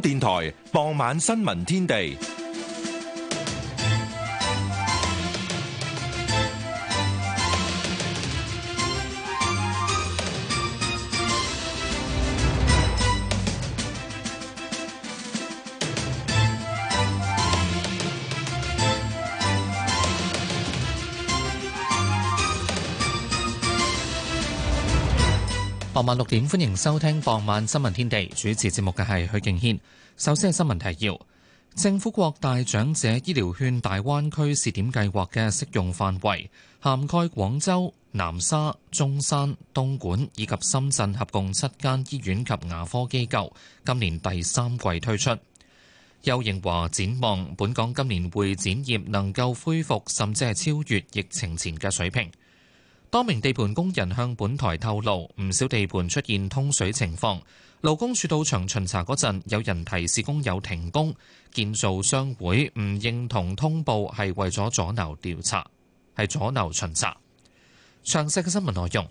電台傍晚新聞天地。傍晚六點，歡迎收聽《傍晚新聞天地》，主持節目嘅係許敬軒。首先係新聞提要：政府擴大長者醫療券大灣區試點計劃嘅適用範圍，涵蓋廣州、南沙、中山、東莞以及深圳，合共七間醫院及牙科機構。今年第三季推出。邱應樺展望本港今年會展業能夠恢復，甚至係超越疫情前嘅水平。多名地盤工人向本台透露，唔少地盤出現通水情況。勞工處到場巡查嗰陣，有人提示工友停工。建造商會唔認同通報係為咗阻撓調查，係阻撓巡查。詳細嘅新聞內容，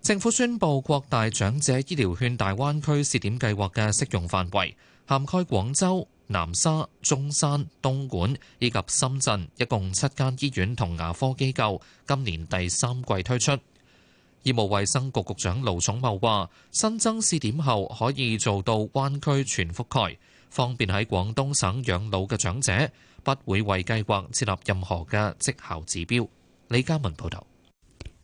政府宣布擴大長者醫療券大灣區試點計劃嘅適用範圍，涵蓋廣州。南沙、中山、東莞以及深圳一共七間醫院同牙科機構今年第三季推出。醫務衛生局局長盧寵茂話，新增試點後可以做到灣區全覆蓋，方便喺廣東省養老嘅長者，不會為計劃設立任何嘅績效指標，李嘉文報道，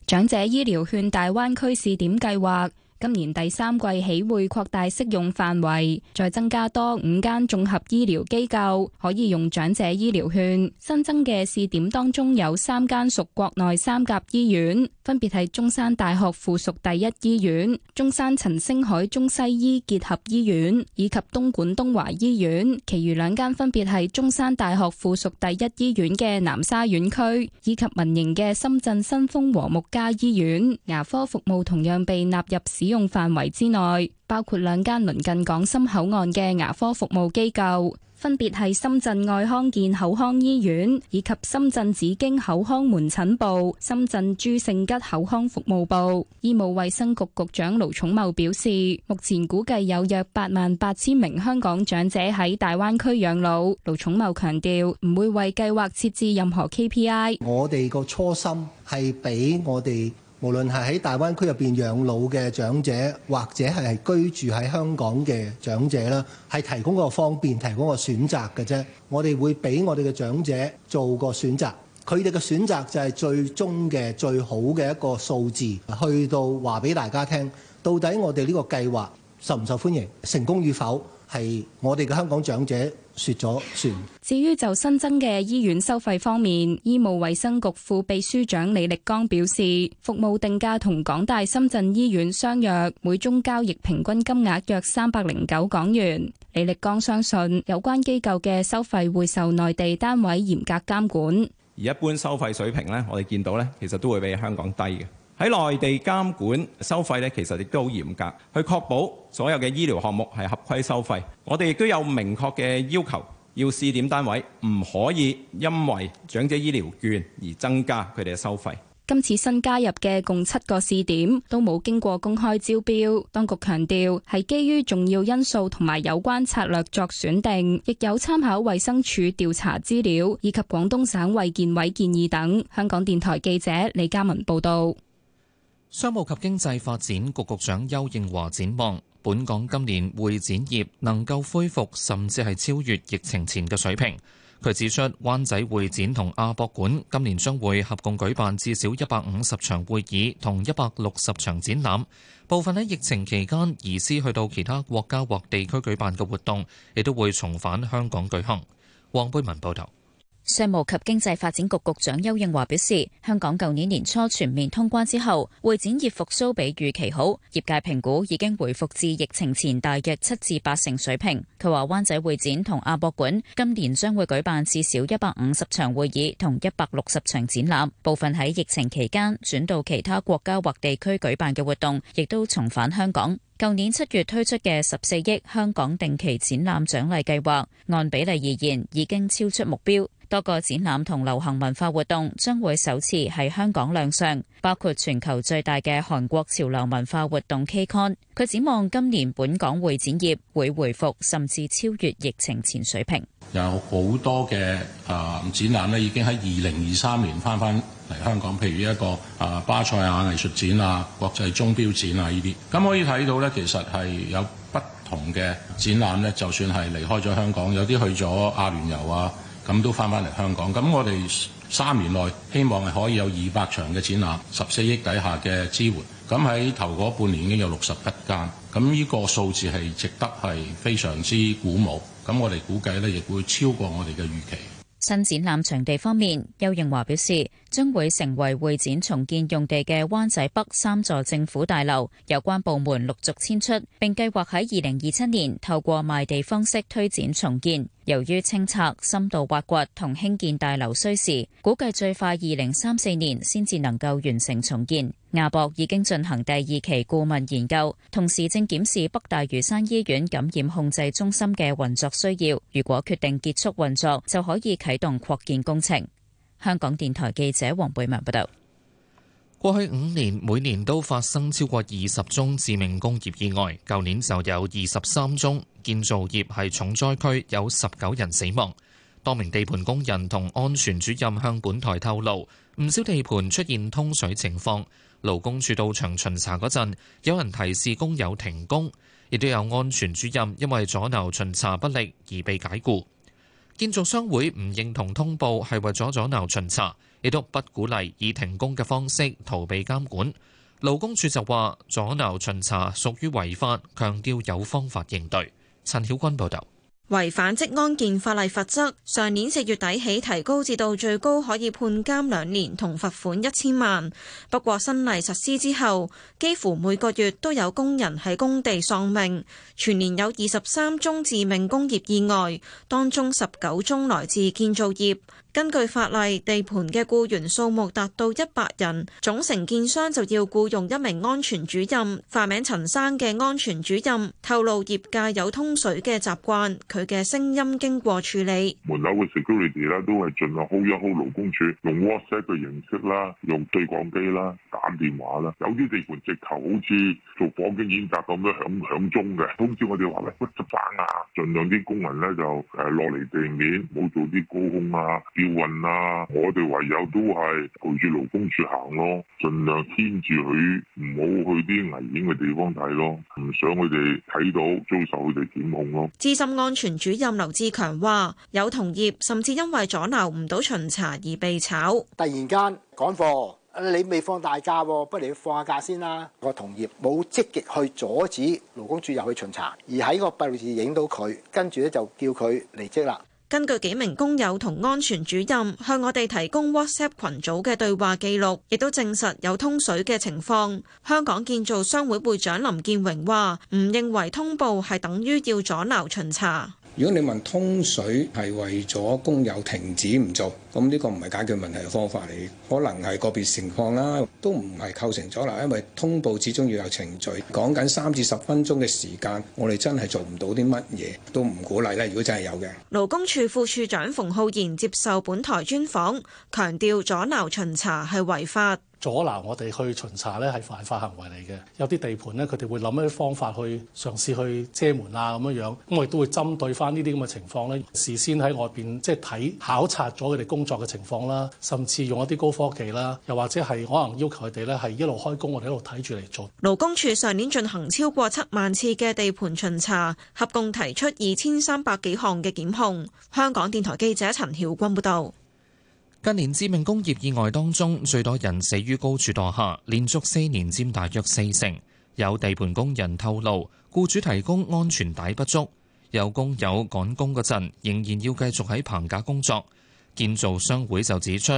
長者醫療券大灣區試點計劃。今年第三季起會擴大適用範圍，再增加多五間綜合醫療機構可以用長者醫療券。新增嘅試點當中有三間屬國內三甲醫院，分別係中山大學附屬第一醫院、中山陳星海中西醫結合醫院以及東莞東華醫院。其餘兩間分別係中山大學附屬第一醫院嘅南沙院區以及民營嘅深圳新豐和睦家醫院。牙科服務同樣被納入市。使用範圍之內，包括兩間鄰近港深口岸嘅牙科服務機構，分別係深圳愛康健口腔醫院以及深圳紫荊口腔門診部、深圳朱聖吉口腔服務部。醫務衛生局局長盧寵茂表示，目前估計有約八萬八千名香港長者喺大灣區養老。盧寵茂強調，唔會為計劃設置任何 KPI。我哋個初心係俾我哋。無論係喺大灣區入邊養老嘅長者，或者係居住喺香港嘅長者啦，係提供個方便，提供個選擇嘅啫。我哋會俾我哋嘅長者做個選擇，佢哋嘅選擇就係最終嘅最好嘅一個數字，去到話俾大家聽，到底我哋呢個計劃受唔受歡迎，成功與否。係我哋嘅香港長者説咗算。至於就新增嘅醫院收費方面，醫務衛生局副秘書長李力剛表示，服務定價同港大深圳醫院相約，每宗交易平均金額約三百零九港元。李力剛相信有關機構嘅收費會受內地單位嚴格監管，而一般收費水平呢，我哋見到呢，其實都會比香港低嘅。喺內地監管收費呢，其實亦都好嚴格，去確保所有嘅醫療項目係合規收費。我哋亦都有明確嘅要求，要試點單位唔可以因為長者醫療券而增加佢哋嘅收費。今次新加入嘅共七個試點都冇經過公開招標，當局強調係基於重要因素同埋有關策略作選定，亦有參考衛生署調查資料以及廣東省衞健委建議等。香港電台記者李嘉文報道。商務及經濟發展局局長邱應華展望，本港今年會展業能夠恢復，甚至係超越疫情前嘅水平。佢指出，灣仔會展同亞博館今年將會合共舉辦至少一百五十場會議，同一百六十場展覽。部分喺疫情期間移師去到其他國家或地區舉辦嘅活動，亦都會重返香港舉行。黃貝文報道。商務及經濟發展局局長丘應樺表示，香港舊年年初全面通關之後，會展業復蘇比預期好，業界評估已經回復至疫情前大約七至八成水平。佢話灣仔會展同亞博館今年將會舉辦至少一百五十場會議同一百六十場展覽，部分喺疫情期間轉到其他國家或地區舉辦嘅活動，亦都重返香港。舊年七月推出嘅十四億香港定期展覽獎勵計劃，按比例而言已經超出目標。多個展覽同流行文化活動將會首次喺香港亮相，包括全球最大嘅韓國潮流文化活動 KCON。佢展望今年本港會展業會回復，甚至超越疫情前水平。有好多嘅啊展覽咧，已經喺二零二三年翻翻嚟香港，譬如一個啊巴塞亞藝術展啊、國際鐘錶展啊呢啲。咁可以睇到呢，其實係有不同嘅展覽呢，就算係離開咗香港，有啲去咗阿聯酋啊。咁都翻返嚟香港，咁我哋三年內希望係可以有二百場嘅展覽，十四億底下嘅支援。咁喺頭嗰半年已經有六十一間，咁呢個數字係值得係非常之鼓舞。咁我哋估計呢亦會超過我哋嘅預期。新展覽場地方面，丘應樺表示。將會成為會展重建用地嘅灣仔北三座政府大樓，有關部門陸續遷出，並計劃喺二零二七年透過賣地方式推展重建。由於清拆、深度挖掘同興建大樓需時，估計最快二零三四年先至能夠完成重建。亞博已經進行第二期顧問研究，同時正檢視北大嶼山醫院感染控制中心嘅運作需要。如果決定結束運作，就可以啟動擴建工程。香港電台記者黃貝文報道：過去五年，每年都發生超過二十宗致命工業意外，舊年就有二十三宗。建造業係重災區，有十九人死亡。多名地盤工人同安全主任向本台透露，唔少地盤出現通水情況。勞工處到場巡查嗰陣，有人提示工友停工，亦都有安全主任因為阻撓巡查不力而被解僱。建造商會唔認同通報係為咗阻撓巡查，亦都不鼓勵以停工嘅方式逃避監管。勞工處就話阻撓巡查屬於違法，強調有方法應對。陳曉君報道。違反職安健法例罰則，上年四月底起提高至到最高可以判監兩年同罰款一千萬。不過新例實施之後，幾乎每個月都有工人喺工地喪命，全年有二十三宗致命工業意外，當中十九宗來自建造業。根據法例，地盤嘅僱員數目達到一百人，總承建商就要僱用一名安全主任。化名陳生嘅安全主任透露，業界有通水嘅習慣，佢嘅聲音經過處理。門口嘅 security 咧，都係盡量 hold 一 hold 勞工處，用 WhatsApp 嘅形式啦，用對講機啦，打電話啦。有啲地盤直頭好似做火警演習咁樣響響鐘嘅通知我哋話喂，不執班啊，盡量啲工人咧就誒落嚟地面，冇做啲高空啊。運啊！我哋唯有都係陪住勞工處行咯，盡量牽住佢，唔好去啲危險嘅地方睇咯，唔想佢哋睇到遭受佢哋檢控咯。資深安全主任劉志強話：有同業甚至因為阻撓唔到巡查而被炒。突然間趕貨，你未放大假喎，不如你放下假先啦。個同業冇積極去阻止勞工處入去巡查，而喺個閉路電視影到佢，跟住咧就叫佢離職啦。根據幾名工友同安全主任向我哋提供 WhatsApp 群組嘅對話記錄，亦都證實有通水嘅情況。香港建造商會會長林建榮話：唔認為通報係等於要阻撓巡查。如果你問通水係為咗工友停止唔做，咁呢個唔係解決問題嘅方法嚟，可能係個別情況啦，都唔係構成咗啦，因為通報始終要有程序，講緊三至十分鐘嘅時間，我哋真係做唔到啲乜嘢，都唔鼓勵咧。如果真係有嘅。勞工處副處長馮浩然接受本台專訪，強調阻撓巡查係違法。阻撓我哋去巡查呢，係犯法行為嚟嘅，有啲地盤呢，佢哋會諗一啲方法去嘗試去遮門啊咁樣樣。咁我亦都會針對翻呢啲咁嘅情況呢，事先喺外邊即係睇考察咗佢哋工作嘅情況啦，甚至用一啲高科技啦，又或者係可能要求佢哋呢，係一路開工，我哋一路睇住嚟做。勞工處上年進行超過七萬次嘅地盤巡查，合共提出二千三百幾項嘅檢控。香港電台記者陳曉君報道。近年致命工業意外當中，最多人死於高處墮下，連續四年佔大約四成。有地盤工人透露，僱主提供安全帶不足，有工友趕工嗰陣仍然要繼續喺棚架工作。建造商會就指出，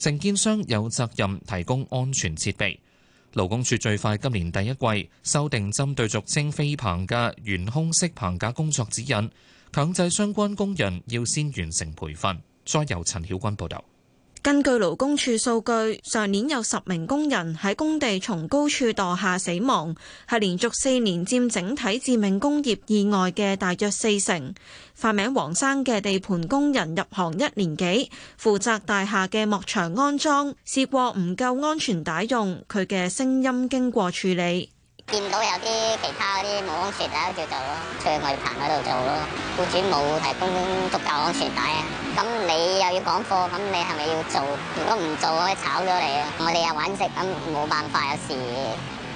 承建商有責任提供安全設備。勞工處最快今年第一季修訂針對俗稱飛棚嘅懸空式棚架工作指引，強制相關工人要先完成培訓。再由陳曉君報道。根據勞工處數據，上年有十名工人喺工地從高處墮下死亡，係連續四年佔整體致命工業意外嘅大約四成。化名黃生嘅地盤工人入行一年幾，負責大廈嘅幕牆安裝，試過唔夠安全帶用。佢嘅聲音經過處理，見到有啲其他啲冇安全帶都做咯，出去外棚嗰度做咯，僱主冇提供足夠安全帶啊。咁你又要講課，咁你係咪要做？如果唔做，可以炒咗你啊！我哋又揾食，咁冇辦法，有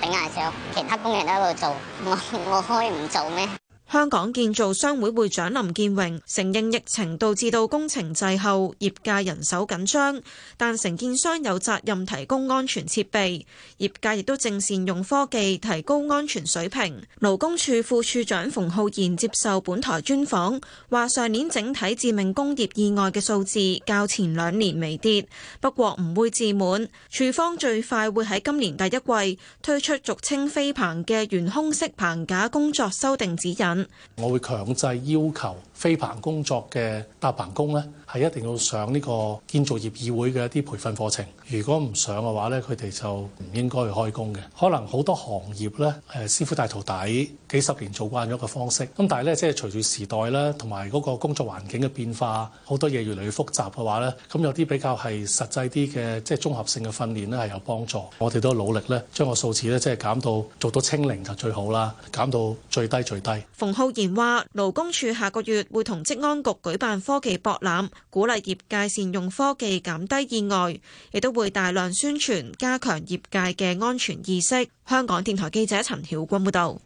等下時頂硬上。其他工人都喺度做，我我可以唔做咩？香港建造商會會長林建榮承認疫情導致到工程滯後業界人手緊張，但承建商有責任提供安全設備，業界亦都正善用科技提高安全水平。勞工處副處長馮浩然接受本台專訪話上年整體致命工業意外嘅數字較前兩年微跌，不過唔會自滿，處方最快會喺今年第一季推出俗稱飛棚嘅懸空式棚架工作修訂指引。我會強制要求飛棚工作嘅搭棚工咧，係一定要上呢個建造業議會嘅一啲培訓課程。如果唔上嘅話咧，佢哋就唔應該去開工嘅。可能好多行業咧，誒師傅帶徒弟幾十年做慣咗嘅方式。咁但係咧，即係隨住時代啦，同埋嗰個工作環境嘅變化，好多嘢越嚟越複雜嘅話咧，咁有啲比較係實際啲嘅，即係綜合性嘅訓練咧係有幫助。我哋都努力咧，將個數字咧即係減到做到清零就最好啦，減到最低最低。馮浩然話：勞工處下個月會同職安局舉辦科技博覽。鼓勵業界善用科技減低意外，亦都會大量宣傳加強業界嘅安全意識。香港電台記者陳曉君報道。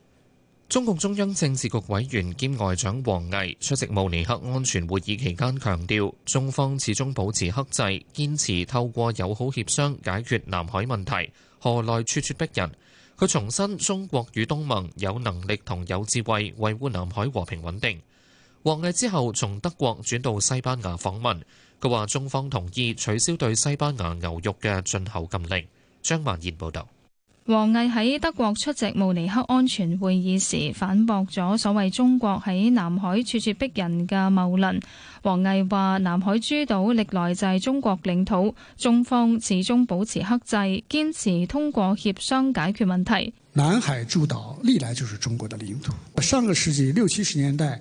中共中央政治局委員兼外長王毅出席慕尼黑安全會議期間強調，中方始終保持克制，堅持透過友好協商解決南海問題，何來咄咄逼人？佢重申，中國與東盟有能力同有智慧維護南海和平穩定。王毅之後從德國轉到西班牙訪問，佢話中方同意取消對西班牙牛肉嘅進口禁令。張曼賢報導。王毅喺德國出席慕尼黑安全會議時，反駁咗所謂中國喺南海咄咄逼人嘅謬論。王毅話：南海諸島歷來就係中國領土，中方始終保持克制，堅持通過協商解決問題。南海諸島歷來就是中國嘅領土。上個世紀六七十年代。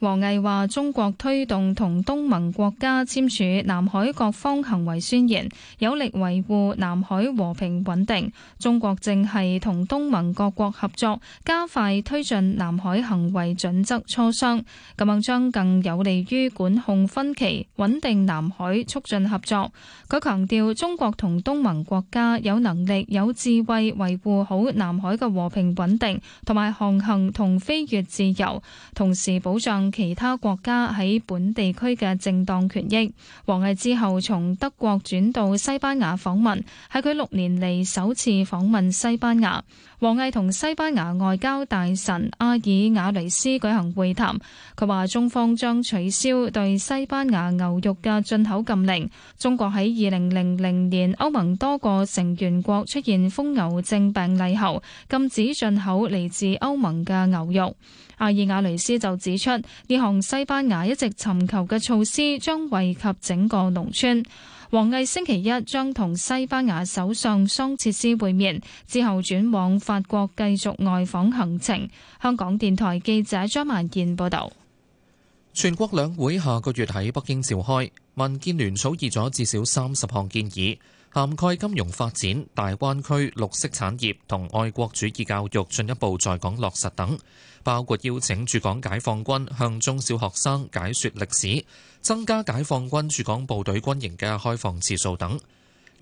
王毅話：中國推動同東盟國家簽署《南海各方行為宣言》，有力維護南海和平穩定。中國正係同東盟各國合作，加快推進南海行為準則磋商，咁樣將更有利於管控分歧、穩定南海、促進合作。佢強調，中國同東盟國家有能力、有智慧維護好南海嘅和平穩定同埋航行同飛越自由，同時。是保障其他國家喺本地區嘅正當權益。王毅之後從德國轉到西班牙訪問，係佢六年嚟首次訪問西班牙。王毅同西班牙外交大臣阿爾瓦雷斯舉行會談。佢話中方將取消對西班牙牛肉嘅進口禁令。中國喺二零零零年歐盟多個成員國出現瘋牛症病例後，禁止進口嚟自歐盟嘅牛肉。阿爾瓦雷斯就指出，呢項西班牙一直尋求嘅措施將惠及整個農村。王毅星期一將同西班牙首相桑切斯會面，之後轉往法國繼續外訪行程。香港電台記者張萬賢報道。全國兩會下個月喺北京召開，民建聯草擬咗至少三十項建議。涵蓋金融發展、大灣區綠色產業同愛國主義教育進一步在港落實等，包括邀請駐港解放軍向中小學生解說歷史，增加解放軍駐港部隊軍營嘅開放次數等。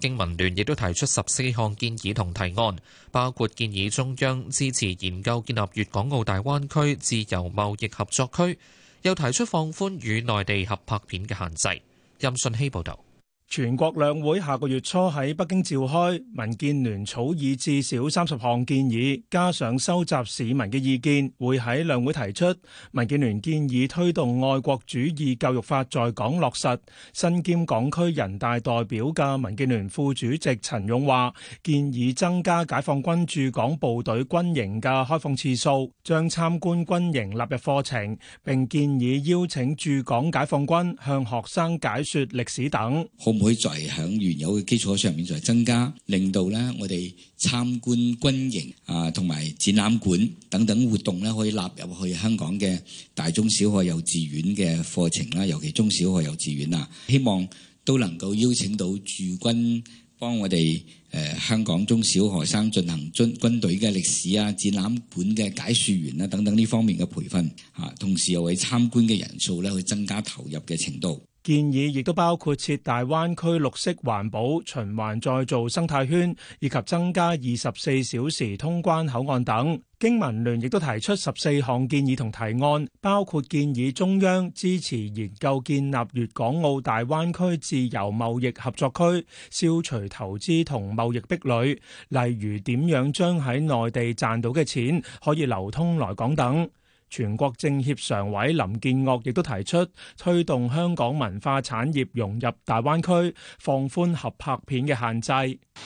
經民聯亦都提出十四項建議同提案，包括建議中央支持研究建立粵港澳大灣區自由貿易合作區，又提出放寬與內地合拍片嘅限制。任信希報導。全國兩會下個月初喺北京召開，民建聯草擬至少三十項建議，加上收集市民嘅意見，會喺兩會提出。民建聯建議推動愛國主義教育法在港落實。身兼港區人大代表嘅民建聯副主席陳勇話，建議增加解放軍駐港部隊軍營嘅開放次數，將參觀軍營納入課程，並建議邀請駐港解放軍向學生解說歷史等。會在響原有嘅基礎上面再增加，令到咧我哋參觀軍營啊，同埋展覽館等等活動咧，可以納入去香港嘅大中小學幼稚園嘅課程啦，尤其中小學幼稚園啊，希望都能夠邀請到駐軍幫我哋誒香港中小學生進行軍軍隊嘅歷史啊、展覽館嘅解說員啊等等呢方面嘅培訓，吓，同時又為參觀嘅人數咧去增加投入嘅程度。建議亦都包括設大灣區綠色環保循環再造生態圈，以及增加二十四小時通關口岸等。經民聯亦都提出十四項建議同提案，包括建議中央支持研究建立粵港澳大灣區自由貿易合作區，消除投資同貿易壁壘，例如點樣將喺內地賺到嘅錢可以流通來港等。全國政協常委林建岳亦都提出推動香港文化產業融入大灣區，放寬合拍片嘅限制，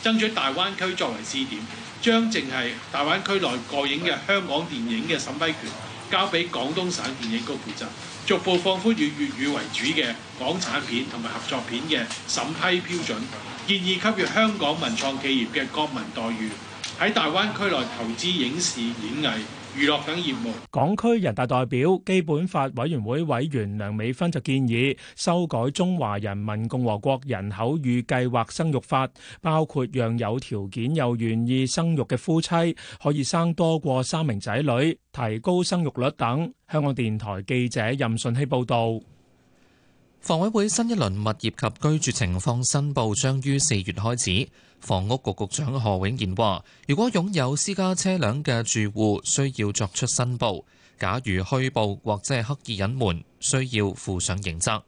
爭取大灣區作為試點，將淨係大灣區內過影嘅香港電影嘅審批權交俾廣東省電影局負責，逐步放寬以粵語為主嘅港產片同埋合作片嘅審批標準，建議給予香港文創企業嘅國民待遇，喺大灣區內投資影視演藝、娛樂等業務，港區人大代表、基本法委員會委員梁美芬就建議修改《中華人民共和國人口與計劃生育法》，包括讓有條件又願意生育嘅夫妻可以生多過三名仔女，提高生育率等。香港電台記者任順希報導。房委會新一輪物業及居住情況申報將於四月開始。房屋局局長何永賢話，如果擁有私家車輛嘅住戶需要作出申報，假如虛報或者係刻意隱瞞，需要負上刑責。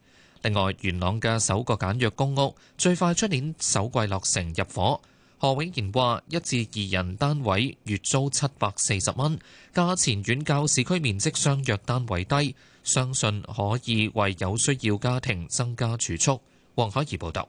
另外，元朗嘅首個簡約公屋最快出年首季落成入伙。何永賢話，一至二人單位月租七百四十蚊，價錢遠較市區面積相約單位低，相信可以為有需要家庭增加儲蓄。黃可儀報道。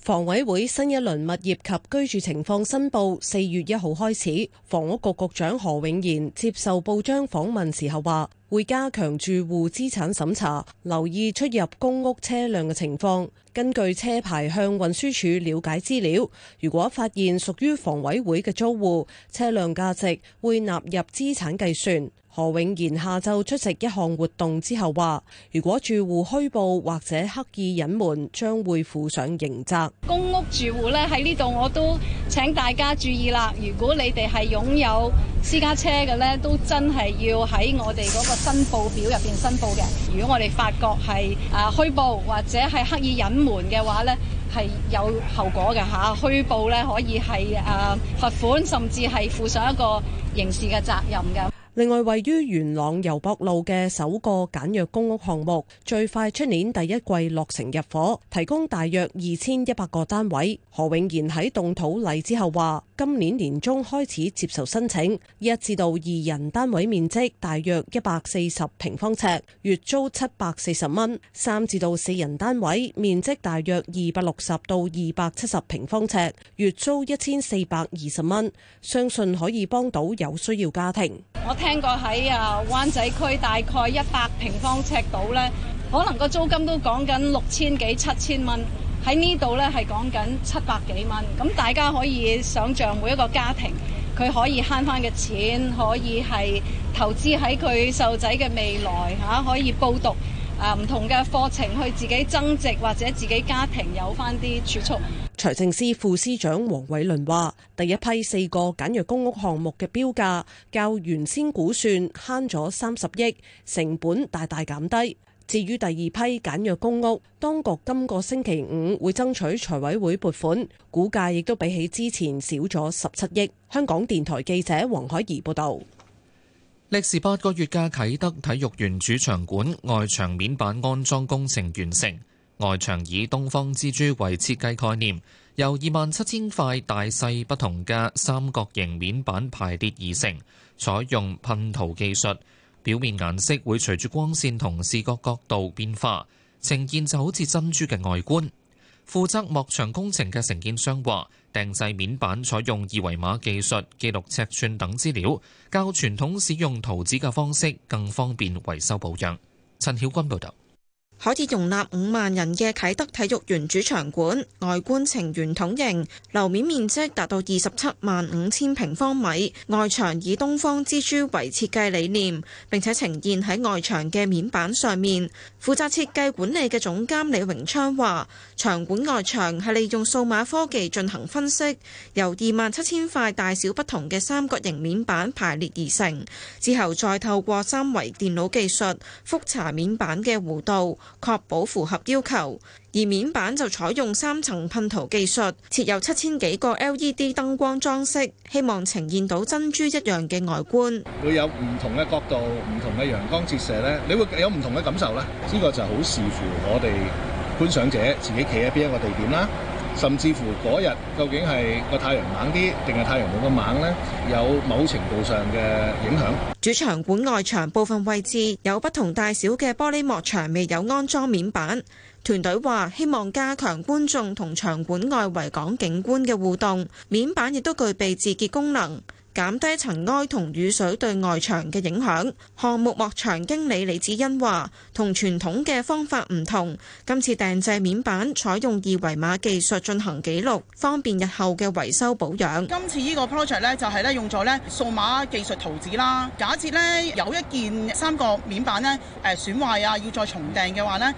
房委會新一輪物業及居住情況申報四月一號開始。房屋局局長何永賢接受報章訪問時候話，會加強住戶資產審查，留意出入公屋車輛嘅情況。根據車牌向運輸署了解資料，如果發現屬於房委會嘅租戶，車輛價值會納入資產計算。何永賢下晝出席一項活動之後話，如果住戶虛報或者刻意隱瞞，將會負上刑責。公屋住戶咧，喺呢度我都請大家注意啦，如果你哋係擁有私家車嘅咧，都真係要喺我哋嗰個申報表入邊申報嘅。如果我哋發覺係啊虛報或者係刻意隱瞞嘅話咧，係有後果嘅吓。虛報咧可以係啊罰款，甚至係負上一個刑事嘅責任嘅。另外，位於元朗攸壆路嘅首個簡約公屋項目，最快出年第一季落成入伙，提供大約二千一百個單位。何永賢喺動土禮之後話：今年年中開始接受申請，一至到二人單位面積大約一百四十平方尺，月租七百四十蚊；三至到四人單位面積大約二百六十到二百七十平方尺，月租一千四百二十蚊。相信可以幫到有需要家庭。聽過喺啊灣仔區大概一百平方尺度，呢可能個租金都講緊六千幾七千蚊，喺呢度呢，係講緊七百幾蚊。咁大家可以想像每一個家庭佢可以慳翻嘅錢，可以係投資喺佢細路仔嘅未來嚇，可以報讀。啊！唔同嘅課程去自己增值，或者自己家庭有翻啲儲蓄。財政司副司長黃偉綸話：第一批四個簡約公屋項目嘅標價較原先估算慳咗三十億，成本大大減低。至於第二批簡約公屋，當局今個星期五會爭取財委會撥款，估價亦都比起之前少咗十七億。香港電台記者黃海怡報道。歷時八個月嘅啟德體育園主場館外牆面板安裝工程完成，外牆以東方之珠為設計概念，由二萬七千塊大細不同嘅三角形面板排列而成，採用噴塗技術，表面顏色會隨住光線同視覺角度變化，呈現就好似珍珠嘅外觀。負責幕牆工程嘅承建商話，訂製面板採用二維碼技術，記錄尺寸等資料，較傳統使用圖紙嘅方式更方便維修保養。陳曉君報導。可以容納五萬人嘅啟德體育園主場館，外觀呈圓筒形，樓面面積達到二十七萬五千平方米，外牆以東方之珠為設計理念，並且呈現喺外牆嘅面板上面。負責設計管理嘅總監李榮昌話，場館外牆係利用數碼科技進行分析，由二萬七千塊大小不同嘅三角形面板排列而成，之後再透過三維電腦技術覆查面板嘅弧度，確保符合要求，而面板就採用三層噴塗技術，設有七千幾個 LED 燈光裝飾，希望呈現到珍珠一樣嘅外觀。會有唔同嘅角度、唔同嘅陽光折射咧，你會有唔同嘅感受啦。呢個就好視乎我哋觀賞者自己企喺邊一個地點啦。甚至乎嗰日究竟係個太陽猛啲，定係太陽冇咁猛咧？有某程度上嘅影響。主場館外牆部分位置有不同大小嘅玻璃幕牆未有安裝面板。團隊話希望加強觀眾同場館外圍港景觀嘅互動，面板亦都具備自潔功能。減低塵埃同雨水對外牆嘅影響。項目幕牆經理李子欣話：同傳統嘅方法唔同，今次訂製面板採用二維碼技術進行記錄，方便日後嘅維修保養。今次呢個 project 咧，就係咧用咗咧數碼技術圖紙啦。假設咧有一件三個面板咧誒損壞啊，要再重訂嘅話咧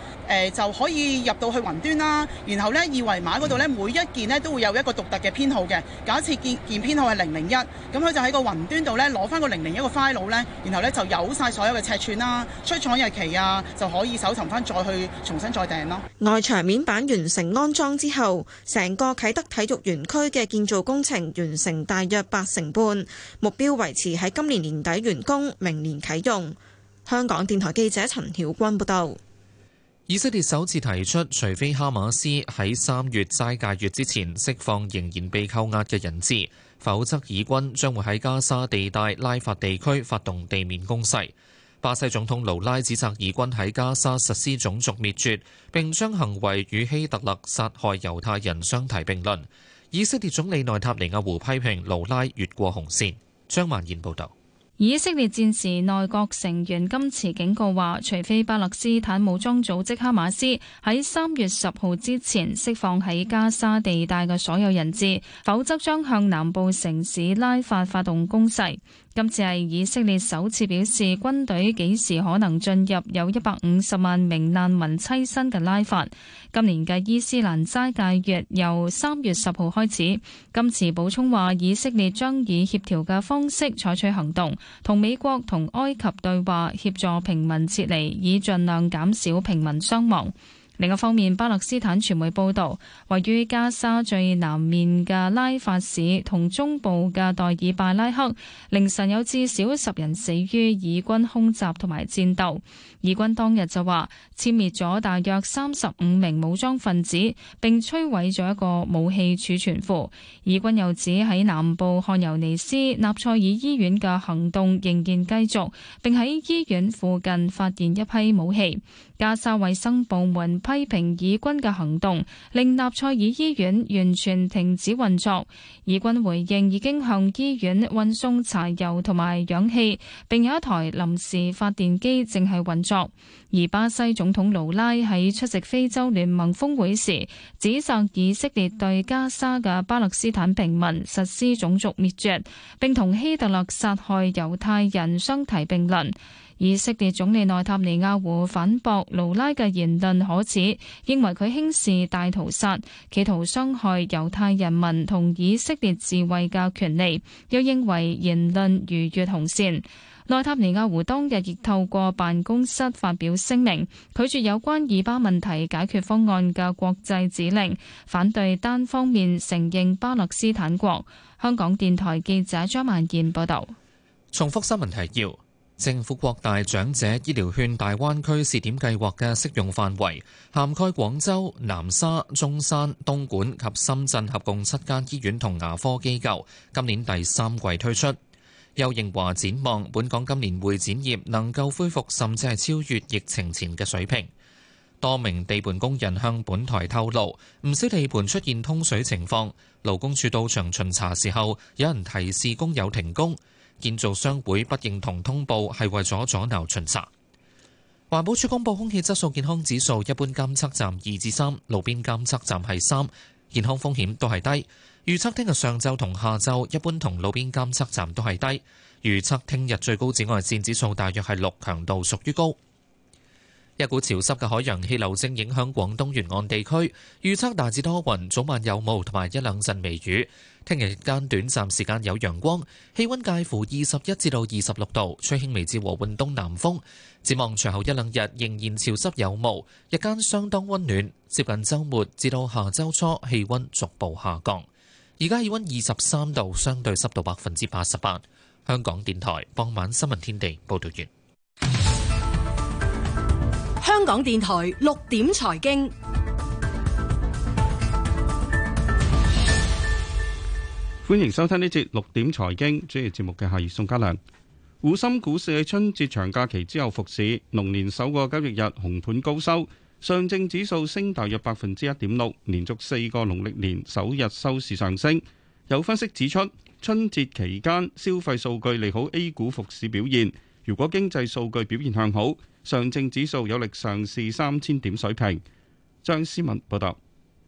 誒就可以入到去雲端啦。然後咧二維碼嗰度咧每一件咧都會有一個獨特嘅編號嘅。假設件件編號係零零一咁。佢就喺個雲端度咧，攞翻個零零一個 file 咧，然後呢就有晒所有嘅尺寸啦、出廠日期啊，就可以搜尋翻再去重新再訂咯。外牆面板完成安裝之後，成個啟德體育園區嘅建造工程完成大約八成半，目標維持喺今年年底完工，明年啟用。香港電台記者陳曉君報道。以色列首次提出，除非哈馬斯喺三月齋戒月之前釋放仍然被扣押嘅人質。否則，以軍將會喺加沙地帶、拉法地區發動地面攻勢。巴西總統盧拉指責以軍喺加沙實施種族滅絕，並將行為與希特勒殺害猶太人相提並論。以色列總理內塔尼亞胡批評盧拉越過紅線。張曼燕報道。以色列戰時內閣成員甘茨警告話，除非巴勒斯坦武裝組織哈馬斯喺三月十號之前釋放喺加沙地帶嘅所有人質，否則將向南部城市拉法發動攻勢。今次係以色列首次表示軍隊幾時可能進入有一百五十萬名難民棲身嘅拉法。今年嘅伊斯蘭齋戒月由三月十號開始。今次補充話，以色列將以協調嘅方式採取行動，同美國同埃及對話，協助平民撤離，以盡量減少平民傷亡。另一方面，巴勒斯坦傳媒報道，位於加沙最南面嘅拉法市同中部嘅代爾拜拉克，凌晨有至少十人死於以軍空襲同埋戰鬥。以軍當日就話殲滅咗大約三十五名武裝分子，並摧毀咗一個武器儲存庫。以軍又指喺南部漢尤尼斯納賽爾醫院嘅行動仍然繼續，並喺醫院附近發現一批武器。加沙衛生部門批評以軍嘅行動令納賽爾醫院完全停止運作。以軍回應已經向醫院運送柴油同埋氧氣，並有一台臨時發電機正係運作。而巴西總統盧拉喺出席非洲聯盟峰會時，指責以色列對加沙嘅巴勒斯坦平民實施種族滅絕，並同希特勒殺害猶太人相提並論。以色列總理內塔尼亞胡反駁盧拉嘅言論可恥，認為佢輕視大屠殺，企圖傷害猶太人民同以色列自衛嘅權利，又認為言論逾越紅線。內塔尼亞胡當日亦透過辦公室發表聲明，拒絕有關以巴問題解決方案嘅國際指令，反對單方面承認巴勒斯坦國。香港電台記者張萬燕報導。重複新聞提要：政府擴大長者醫療券大灣區試點計劃嘅適用範圍，涵蓋廣州、南沙、中山、東莞及深圳合共七間醫院同牙科機構，今年第三季推出。邱映華展望，本港今年會展業能夠恢復，甚至係超越疫情前嘅水平。多名地盤工人向本台透露，唔少地盤出現通水情況。勞工處到場巡查時候，有人提示工友停工。建造商會不認同通報係為咗阻撓巡查。環保署公佈空氣質素健康指數，一般監測站二至三，路邊監測站係三，健康風險都係低。預測聽日上晝同下晝一般，同路邊監測站都係低。預測聽日最高紫外線指數大約係六，強度屬於高。一股潮濕嘅海洋氣流正影響廣東沿岸地區，預測大致多雲，早晚有霧，同埋一兩陣微雨。聽日間短暫時間有陽光，氣溫介乎二十一至到二十六度，吹輕微至和緩東南風。展望隨後一兩日仍然潮濕有霧，日間相當溫暖，接近週末至到下週初，氣溫逐步下降。而家氣溫二十三度，相對濕度百分之八十八。香港電台傍晚新聞天地報道完。香港電台六點財經，歡迎收聽呢節六點財經，主持節目嘅係宋家良。滬深股市喺春節長假期之後復市，龍年首個交易日紅盤高收。上證指數升大約百分之一點六，連續四個農曆年首日收市上升。有分析指出，春節期間消費數據利好 A 股復市表現。如果經濟數據表現向好，上證指數有力上試三千點水平。張思文報道。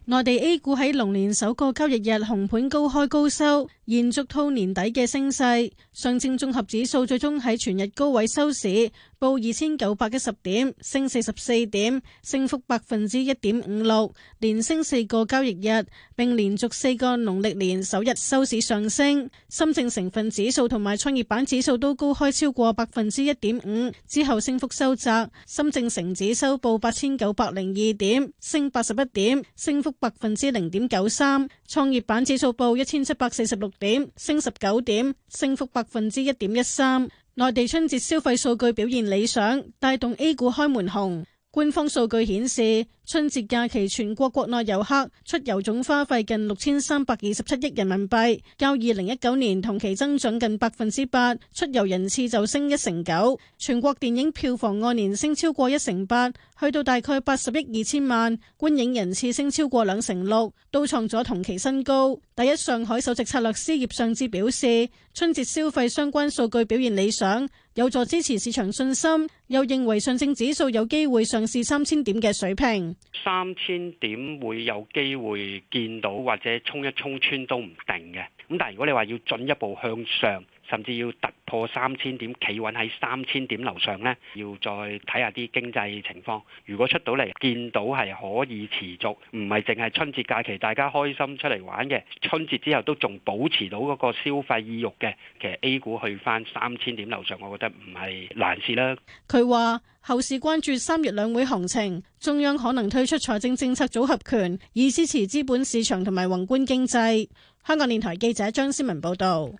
內地 A 股喺龍年首個交易日紅盤高開高收，延續套年底嘅升勢。上證綜合指數最終喺全日高位收市，報二千九百一十點，升四十四點，升幅百分之一點五六，連升四個交易日，並連續四個農曆年首日收市上升。深證成分指數同埋創業板指數都高開超過百分之一點五，之後升幅收窄。深證成指收報八千九百零二點，升八十一點，升幅。百分之零點九三，創業板指數報一千七百四十六點，升十九點，升幅百分之一點一三。內地春節消費數據表現理想，帶動 A 股開門紅。官方數據顯示。春節假期，全國國內遊客出遊總花費近六千三百二十七億人民幣，較二零一九年同期增長近百分之八，出遊人次就升一成九。全國電影票房按年升超過一成八，去到大概八十億二千萬，觀影人次升超過兩成六，都創咗同期新高。第一上海首席策略師葉尚志表示，春節消費相關數據表現理想，有助支持市場信心，又認為上證指數有機會上市三千點嘅水平。三千點會有機會見到，或者衝一衝穿都唔定嘅。咁但係，如果你話要進一步向上。甚至要突破三千點，企穩喺三千點樓上咧，要再睇下啲經濟情況，如果出到嚟見到係可以持續，唔係淨係春節假期大家開心出嚟玩嘅，春節之後都仲保持到嗰個消費意欲嘅，其實 A 股去翻三千點樓上，我覺得唔係難事啦。佢話後市關注三月兩會行情，中央可能推出財政政策組合拳以支持資本市場同埋宏觀經濟。香港電台記者張思文報道。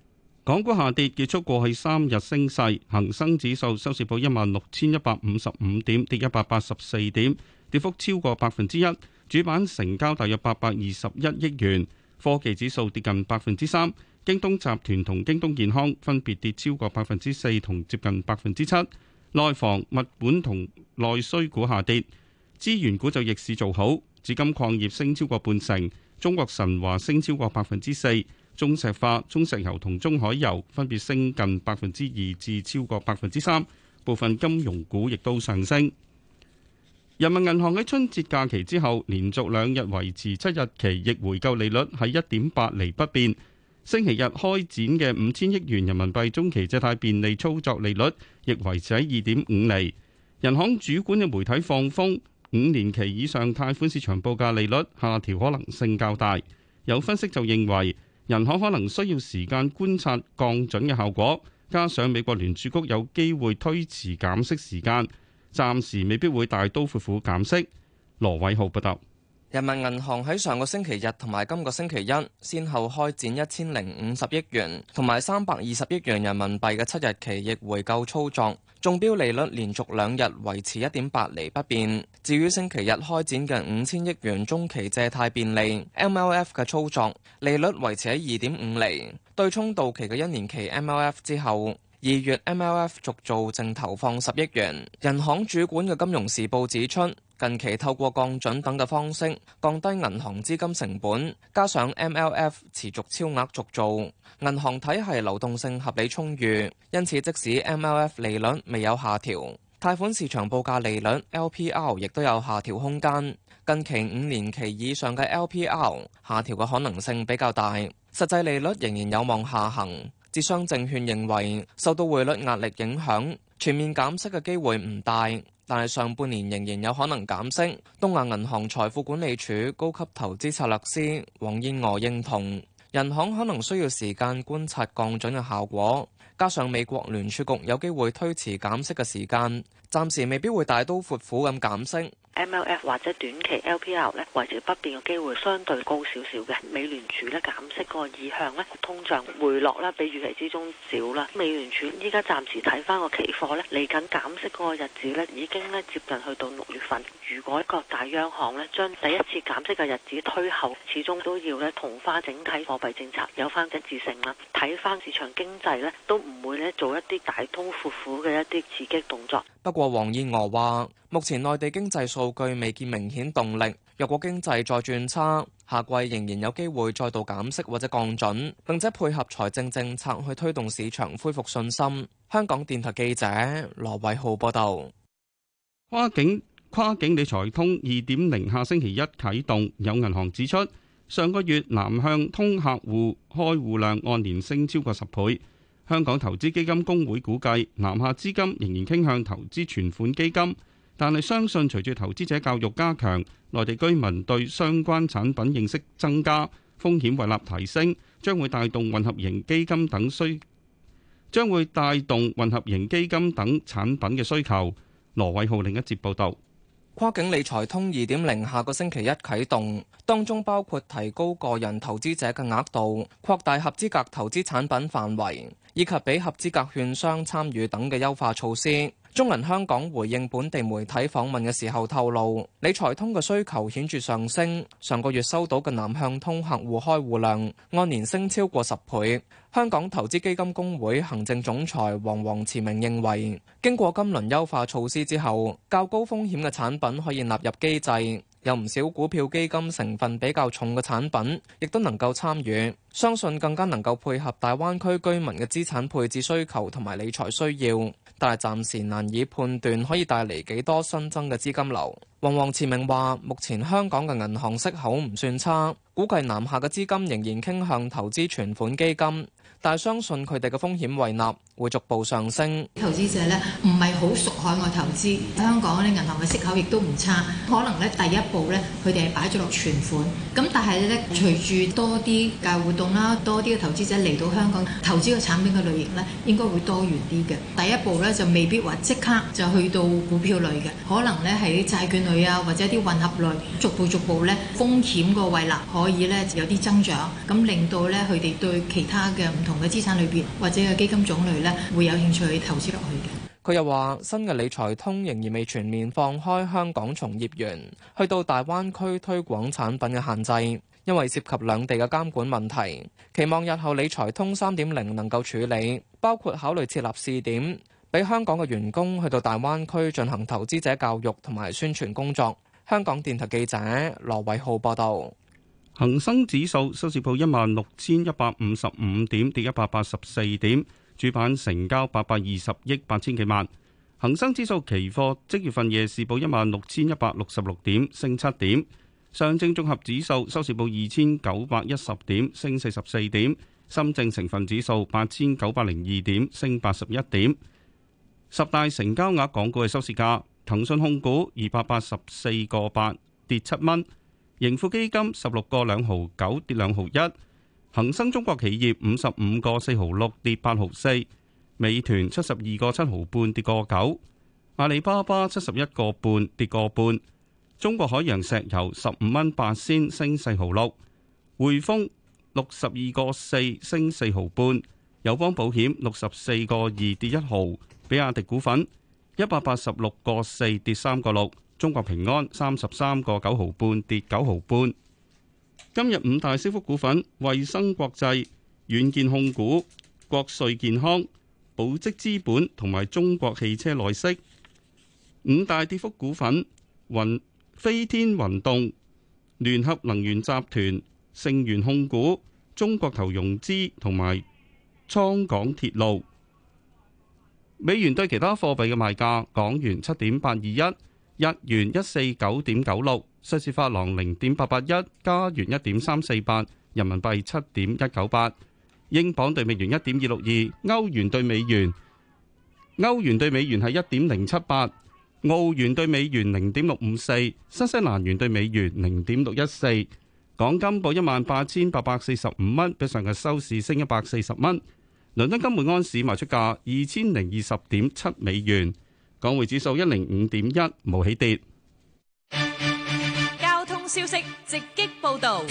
港股下跌，結束過去三日升勢。恒生指數收市報一萬六千一百五十五點，跌一百八十四點，跌幅超過百分之一。主板成交大約八百二十一億元。科技指數跌近百分之三。京東集團同京東健康分別跌超過百分之四同接近百分之七。內房、物管同內需股下跌，資源股就逆市做好。紫金礦業升超過半成，中國神華升超過百分之四。中石化、中石油同中海油分別升近百分之二至超過百分之三，部分金融股亦都上升。人民銀行喺春節假期之後連續兩日維持七日期逆回購利率喺一點八厘不變。星期日開展嘅五千億元人民幣中期借貸便利操作利率亦維持喺二點五厘。人行主管嘅媒體放風，五年期以上貸款市場報價利率下調可能性較大。有分析就認為，人行可能需要時間觀察降準嘅效果，加上美國聯儲局有機會推遲減息時間，暫時未必會大刀闊斧減息。羅偉浩報道，人民銀行喺上個星期日同埋今個星期一，先後開展一千零五十億元同埋三百二十億元人民幣嘅七日期逆回購操作。中標利率連續兩日維持一點八厘不變。至於星期日開展嘅五千億元中期借貸便利 （MLF） 嘅操作，利率維持喺二點五厘。對沖到期嘅一年期 MLF 之後，二月 MLF 續做淨投放十億元。人行主管嘅《金融時報》指出，近期透過降準等嘅方式降低銀行資金成本，加上 MLF 持續超額續做，銀行體系流動性合理充裕，因此即使 MLF 利率未有下調，貸款市場報價利率 LPR 亦都有下調空間。近期五年期以上嘅 LPR 下調嘅可能性比較大，實際利率仍然有望下行。浙商證券認為受到匯率壓力影響，全面減息嘅機會唔大。但係上半年仍然有可能減息。東亞銀行財富管理處高級投資策略師黃燕娥認同，人行可能需要時間觀察降準嘅效果，加上美國聯儲局有機會推遲減息嘅時間，暫時未必會大刀闊斧咁減息。M L F 或者短期 L P R 咧，維持不變嘅機會相對高少少嘅。美聯儲咧，減息嗰個意向咧，通脹回落啦，比預期之中少啦。美聯儲依家暫時睇翻個期貨咧，嚟緊減息嗰個日子咧，已經咧接近去到六月份。如果各大央行咧，將第一次減息嘅日子推後，始終都要咧同化整體貨幣政策有翻一致性啦。睇翻市場經濟咧都唔會咧做一啲大通闊斧嘅一啲刺激動作。不過，黃燕娥話：目前內地經濟數據未見明顯動力，若果經濟再轉差，下季仍然有機會再度減息或者降準，並且配合財政政策去推動市場恢復信心。香港電台記者羅偉浩報道。跨境跨境理財通二點零下星期一啟動，有銀行指出，上個月南向通客戶開戶量按年升超過十倍。香港投資基金公會估計，南下資金仍然傾向投資存款基金，但係相信隨住投資者教育加強，內地居民對相關產品認識增加，風險胃納提升，將會帶動混合型基金等需將會帶動混合型基金等產品嘅需求。羅偉浩另一節報道，跨境理財通二點零下個星期一啟動，當中包括提高個人投資者嘅額度，擴大合資格投資產品範圍。以及俾合資格券商參與等嘅優化措施。中銀香港回應本地媒體訪問嘅時候透露，理財通嘅需求顯著上升。上個月收到嘅南向通客戶開戶量按年升超過十倍。香港投資基金公會行政總裁黃王慈明認為，經過今輪優化措施之後，較高風險嘅產品可以納入機制。有唔少股票基金成分比較重嘅產品，亦都能夠參與，相信更加能夠配合大灣區居民嘅資產配置需求同埋理財需要，但係暫時難以判斷可以帶嚟幾多新增嘅資金流。旺旺前明話目前香港嘅銀行息口唔算差，估計南下嘅資金仍然傾向投資存款基金。但係相信佢哋嘅風險胃納會逐步上升。投資者呢，唔係好熟海外投資，香港啲銀行嘅息口亦都唔差。可能呢第一步呢，佢哋係擺咗落存款。咁但係呢，隨住多啲嘅活動啦，多啲嘅投資者嚟到香港投資嘅產品嘅類型呢，應該會多元啲嘅。第一步呢，就未必話即刻就去到股票類嘅，可能呢喺債券類啊或者啲混合類，逐步逐步呢，風險個胃納可以呢有啲增長，咁令到呢，佢哋對其他嘅同嘅資產裏邊或者嘅基金種類呢，會有興趣投資落去嘅。佢又話：新嘅理財通仍然未全面放開香港從業員去到大灣區推廣產品嘅限制，因為涉及兩地嘅監管問題。期望日後理財通3.0能夠處理，包括考慮設立試點，俾香港嘅員工去到大灣區進行投資者教育同埋宣傳工作。香港電台記者羅偉浩報道。恒生指數收市報一萬六千一百五十五點，跌一百八十四點。主板成交八百二十億八千幾萬。恒生指數期貨即月份夜市報一萬六千一百六十六點，升七點。上證綜合指數收市報二千九百一十點，升四十四點。深證成分指數八千九百零二點，升八十一點。十大成交額港股嘅收市價，騰訊控股二百八十四個八，跌七蚊。盈富基金十六個兩毫九，跌兩毫一，恒生中國企業五十五個四毫六，跌八毫四，美團七十二個七毫半，跌個九，阿里巴巴七十一個半，跌個半，中國海洋石油十五蚊八仙，升四毫六，匯豐六十二個四，升四毫半，友邦保險六十四個二，跌一毫，比亞迪股份一百八十六個四，跌三個六。中國平安三十三個九毫半，跌九毫半。今日五大升幅股份：衛生國際、軟件控股、國稅健康、寶積資本同埋中國汽車內飾。五大跌幅股份：雲飛天雲動、運動聯合能源集團、盛源控股、中國投融資同埋倉港鐵路。美元對其他貨幣嘅賣價：港元七點八二一。日元一四九點九六，瑞士法郎零點八八一，加元一點三四八，人民幣七點一九八，英鎊對美元一點二六二，歐元對美元，歐元對美元係一點零七八，澳元對美元零點六五四，新西蘭元對美元零點六一四。港金報一萬八千八百四十五蚊，比上日收市升一百四十蚊。倫敦金每安士賣出價二千零二十點七美元。港匯指數一零五點一，冇起跌。交通消息，直擊報道。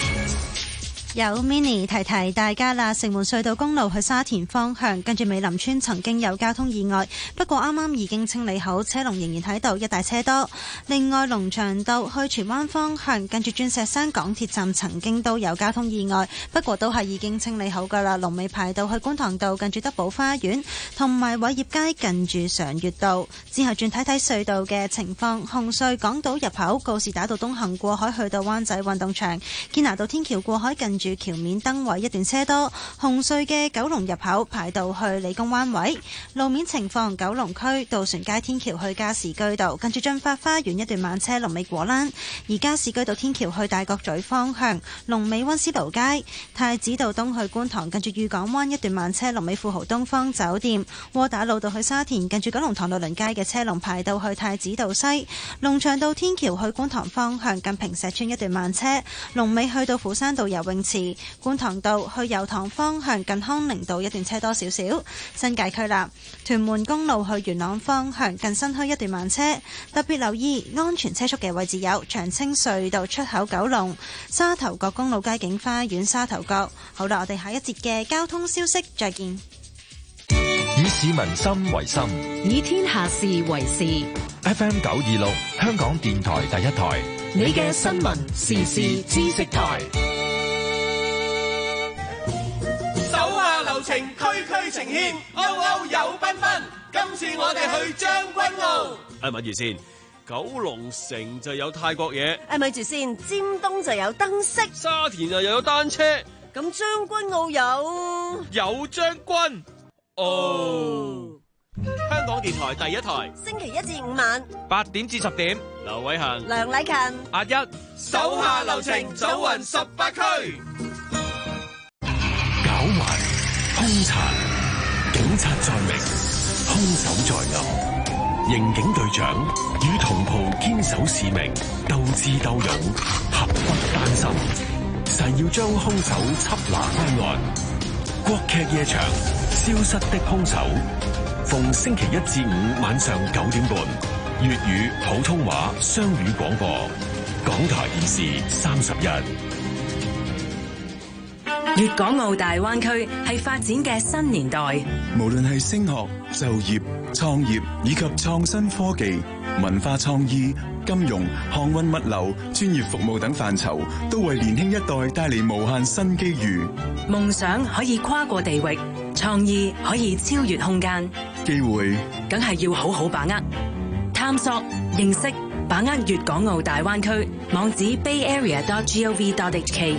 有 mini 提提大家啦，城門隧道公路去沙田方向，近住美林村曾經有交通意外，不過啱啱已經清理好，車龍仍然喺度，一帶車多。另外，龍翔道去荃灣方向，近住鑽石山港鐵站曾經都有交通意外，不過都係已經清理好㗎啦。龍尾排到去觀塘道，近住德寶花園同埋偉業街，近住常悅道。之後轉睇睇隧道嘅情況，紅隧港島入口告士打道東行過海去到灣仔運動場，堅拿道天橋過海近住。住橋面燈位一段車多，紅隧嘅九龍入口排到去理工灣位，路面情況九龍區渡船街天橋去加士居道，近住駿發花園一段慢車，龍尾果欄；而加士居道天橋去大角咀方向，龍尾温思勞街、太子道東去觀塘，近住御港灣一段慢車，龍尾富豪東方酒店；窩打老道去沙田，近住九龍塘路鄰街嘅車龍排到去太子道西，龍翔道天橋去觀塘方向，近平石村一段慢車，龍尾去到斧山道游泳池。觀塘道去油塘方向近康寧道一段車多少少，新界區啦，屯門公路去元朗方向近新墟一段慢車，特別留意安全車速嘅位置有長青隧道出口九龍、九龍沙頭角公路街景花園、沙頭角。好啦，我哋下一節嘅交通消息再見。以市民心為心，以天下事為事。FM 九二六，香港電台第一台，你嘅新聞時事知識台。情區區呈現，歐歐有賓賓。今次我哋去將軍澳。誒，咪住先，九龍城就有泰國嘢。誒，咪住先，尖東就有燈飾，沙田就有單車。咁將軍澳有有將軍哦？香港電台第一台，星期一至五晚八點至十點，劉偉恆、梁禮勤、阿一，手下留情，走勻十八區。警察在明，凶手在暗。刑警隊長與同袍堅守使命，鬥智鬥勇，俠膽丹心，誓要將凶手緝拿歸案。國劇夜場，《消失的兇手》，逢星期一至五晚上九點半，粵語、普通話雙語廣播，港台電視三十一。粵港澳大灣區係發展嘅新年代，無論係升學、就業、創業以及創新科技、文化創意、金融、航運、物流、專業服務等範疇，都為年輕一代帶嚟無限新機遇。夢想可以跨過地域，創意可以超越空間，機機會，梗係要好好把握。探索、認識、把握粵港澳大灣區網址 bayarea.gov.hk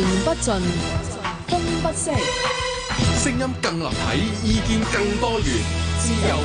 言不盡，風不息，聲音更立體，意見更多元，自由。